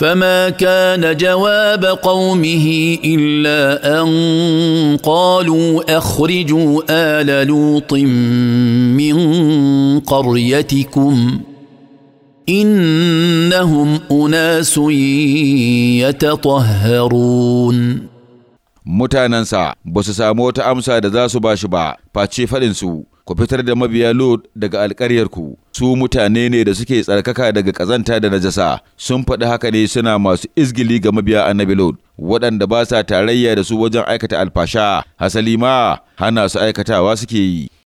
فما كان جواب قومه الا ان قالوا اخرجوا ال لوط من قريتكم انهم اناس يتطهرون mutanensa ba su samu wata amsa da za su ba shi ba face faɗinsu ku fitar da mabiya Lord, daga ku su mutane ne da suke tsarkaka daga ƙazanta da najasa, sun faɗi haka ne suna masu izgili ga mabiya annabi Lord, waɗanda ba sa tarayya da su wajen aikata alfasha, hasali ma hana su aikatawa suke yi.